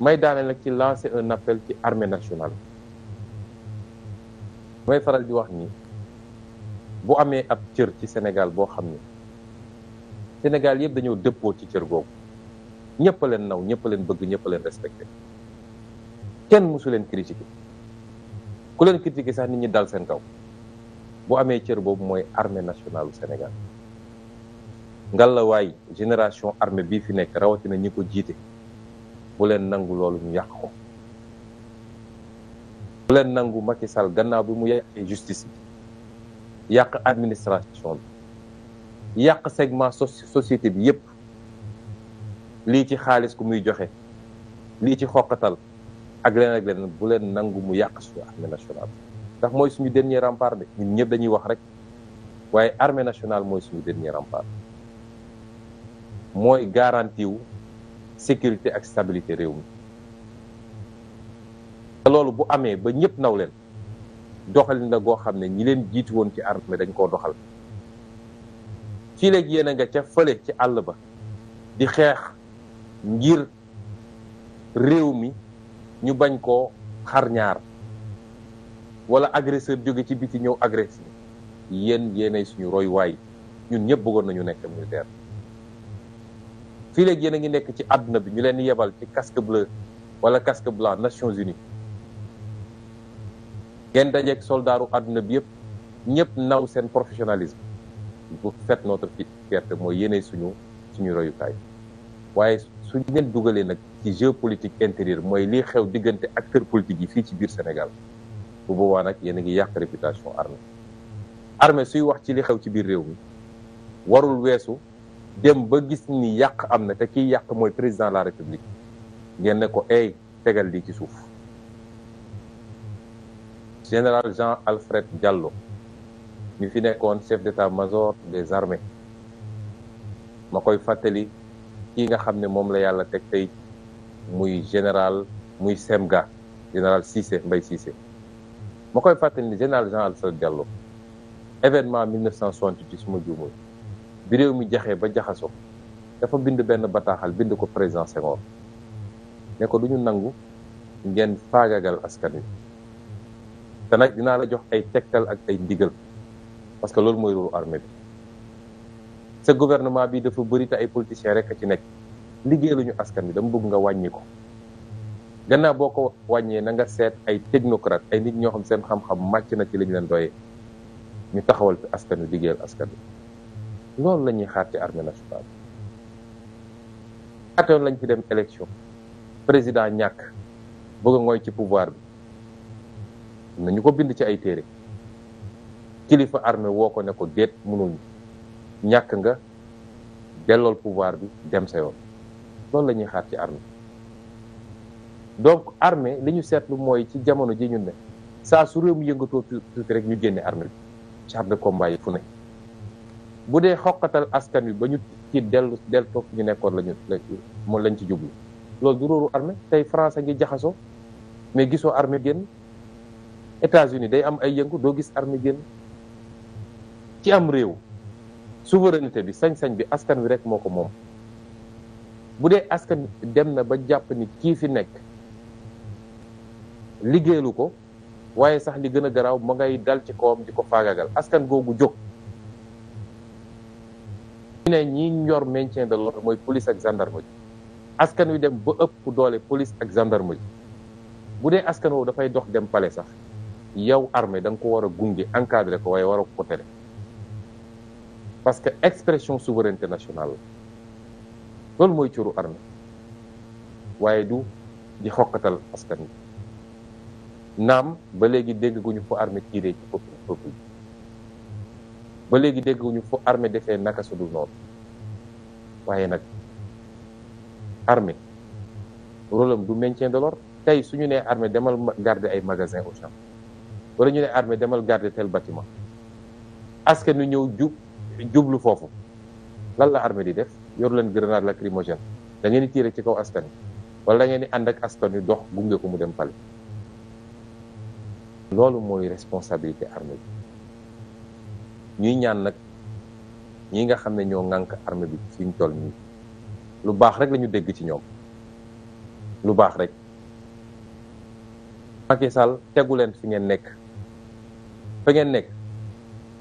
may daane nag ci lancer un appel ci armée nationale may faral di wax ni bu amee ab cër ci Sénégal boo xam ne Sénégal yëpp dañoo dëppoo ci cër googu ñëpp leen naw ñëpp leen bëgg ñëpp a leen respecté kenn mësu leen critiqué ku leen critiqué sax nit ñi dal seen kaw bu amee cër boobu mooy armée nationale du Sénégal ngalla waay génération armée bii fi nekk rawatina ñi ko jiite. buleen nangu loolu ñu yàq ko bu nangu Macky Sall gannaaw bi mu yàqee justice bi yàq administration bi yàq segment société bi yépp lii ci xaalis ku muy joxe lii ci xoqatal ak leen ak leen bu leen nangu mu yàq suñu armée nationale ndax mooy suñu dernier rempart de ñun ñëpp dañuy wax rek waaye armée nationale mooy suñu dernier rempart mooy garantiw sécurité ak stabilité réew mi te loolu bu amee ba ñëpp naw leen doxalin la goo xam ne ñi leen jiitu woon ci armée dañ koo doxal fii léegi yéen nga ca fële ci àll ba di xeex ngir réew mi ñu bañ koo xarñaar walla wala agresseur jóge ci biti ñëw agressé yéen yéenay suñu roy waay ñun ñëpp bëggoon nañu nekk militaire fii léegi yéen a ngi nekk ci àdduna bi ñu leen yebal ci casque bleu wala casque blanc Nations Unies ngeen dajeeg soldaaru àdduna bi yëpp ñëpp naw seen professionnalisme vous faites notre fierté mooy yéene suñu suñu royukaay waaye su leen dugalee nag ci géopolitique intérieure mooy lii xew diggante acteurs politiques yi fii ci biir Sénégal bu boobaa nag yéen a ngi yàq réputation armée armée suy wax ci li xew ci biir réew mi warul weesu dem ba gis ni yàq am na te kiy yàq mooy président la république ngeen ne ko ay tegal lii ci suuf général Jean Alfred jàllo mi fi nekkoon chef d'état-major des armées ma koy fàttali kii nga xam ne moom la yàlla teg tey muy général muy semga général Cissé Mbaye Cissé ma koy fàttali ni général Jean Alfred Diallo événement 1968 su ma juumul bi réew mi jaxee ba jaxaso dafa bind benn bataaxal bind ko président Senghor ne ko du ñu nangu ngeen faagagal askan wi te nag dinaa la jox ay tegtal ak ay ndigal parce que loolu mooy rôle armée bi sa gouvernement bi dafa bëri te ay politiciens rek a ci nekk liggéeyaluñu askan wi dama bëgg nga wàññi ko gannaaw boo ko wàññee na nga seet ay technocrate ay nit ñoo xam seen xam-xam màcc na ci lañu leen doyee ñu taxawal fi askan wi liggéeyal askan bi loolu lañuy xaar ci armée nationale ñaata yoon lañ fi dem élection président ñàkk bëgg a ngooy ci pouvoir bi nañu ko bind ci ay téere kilifa armée woo ko ne ko déet mënul ñàkk nga dellool pouvoir bi dem sa yoon loolu la ñuy xaar ci armée donc armée li ñu seetlu mooy ci jamono ji ñun ne saa su réew mi yëngatoo tuuti rek ñu génne armée bi char de combat yi ne bu dee xoqatal askan wi ba ñu ci dellu del toog ñu nekkoon lañu moom lañ ci jublu loolu du róoru armée tey France a ngi jaxasoo mais gisoo armée génn États-Unis day am ay yëngu doo gis armée génn ci am réew souveraineté bi sañ-sañ bi askan wi rek moo ko moom bu dee askan dem na ba jàpp ni kii fi nekk liggéeyalu ko waaye sax li gën a garaaw ma ngay dal ci kawam di ko faagagal askan googu jóg ñu ne ñi ñor maintien de l'ordre mooy police ak gendarmerie askan wi dem ba ëpp doole police ak gendarmerie bu dee askan woowu dafay dox dem pale sax yow armée da nga ko war a gunge encadré ko waaye war ko tere parce que expression souveraineté nationale la loolu mooy curu armée waaye du di xokkatal askan wi naam ba léegi dégg gu ñu fa armée tiré ci peuple ba léegi dégguñu fu armée defee naka su dul noonu waaye nag armée rôle am du maintien de tey su ñu nee armee demal garder ay magasin au champ wala ñu ne armée demal garder tel bâtiment askan nu ñëw jub jublu foofu lan la armée di def yor leen grenade lacrymogène da ngeen di ci kaw askan wi wala da ngeen di ànd ak askan wi dox gunge ko mu dem pale loolu mooy responsabilité armée bi ñuy ñaan nag ñi nga xam ne ñoo ŋànk armée bi fi ñu toll nii lu baax rek lañu dégg ci ñoom lu baax rek Macky Sall tegu leen fi ngeen nekk fa ngeen nekk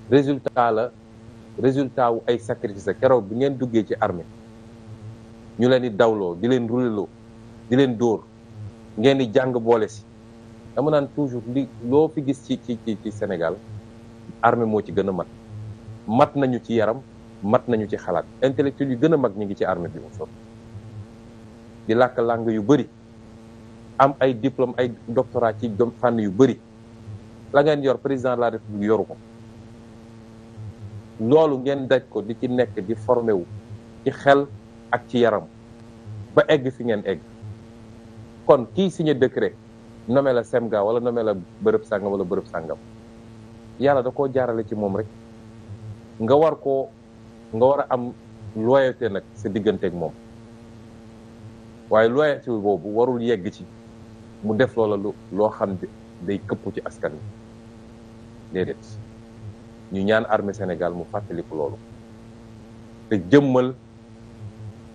résultat la résultat wu ay sacrifice keroog bi ngeen duggee ci arme ñu leen di dawloo di leen ruleloo di leen dóor ngeen di jàng boole si dama naan toujours li loo fi gis ci ci ci Sénégal armée moo ci gën a mat mat nañu ci yaram mat nañu ci xalaat intellectuel yu gën a mag ñu ngi ci armée bi mu sol di làkk langue yu bari am ay diplôme ay doctorat ci dom fànn yu bëri la ngeen yor président de la république yoru ko loolu ngeen daj ko di ci nekk di formé wu ci xel ak ci yaram ba egg fi ngeen egg kon kii signé décret nommé la semga wala nommé la bërëb sàngam wala bërëb sàngam yàlla da koo jaarale ci moom rek nga war koo nga war a am loyauté nag sa diggante ak moom waaye loyauté boobu warul yegg ci mu def loola loo xam day këppu ci askan wi déedéet ñu ñaan armée Sénégal mu fàttaliku loolu te jëmmal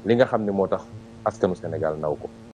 li nga xam ne moo tax askanu Sénégal naw ko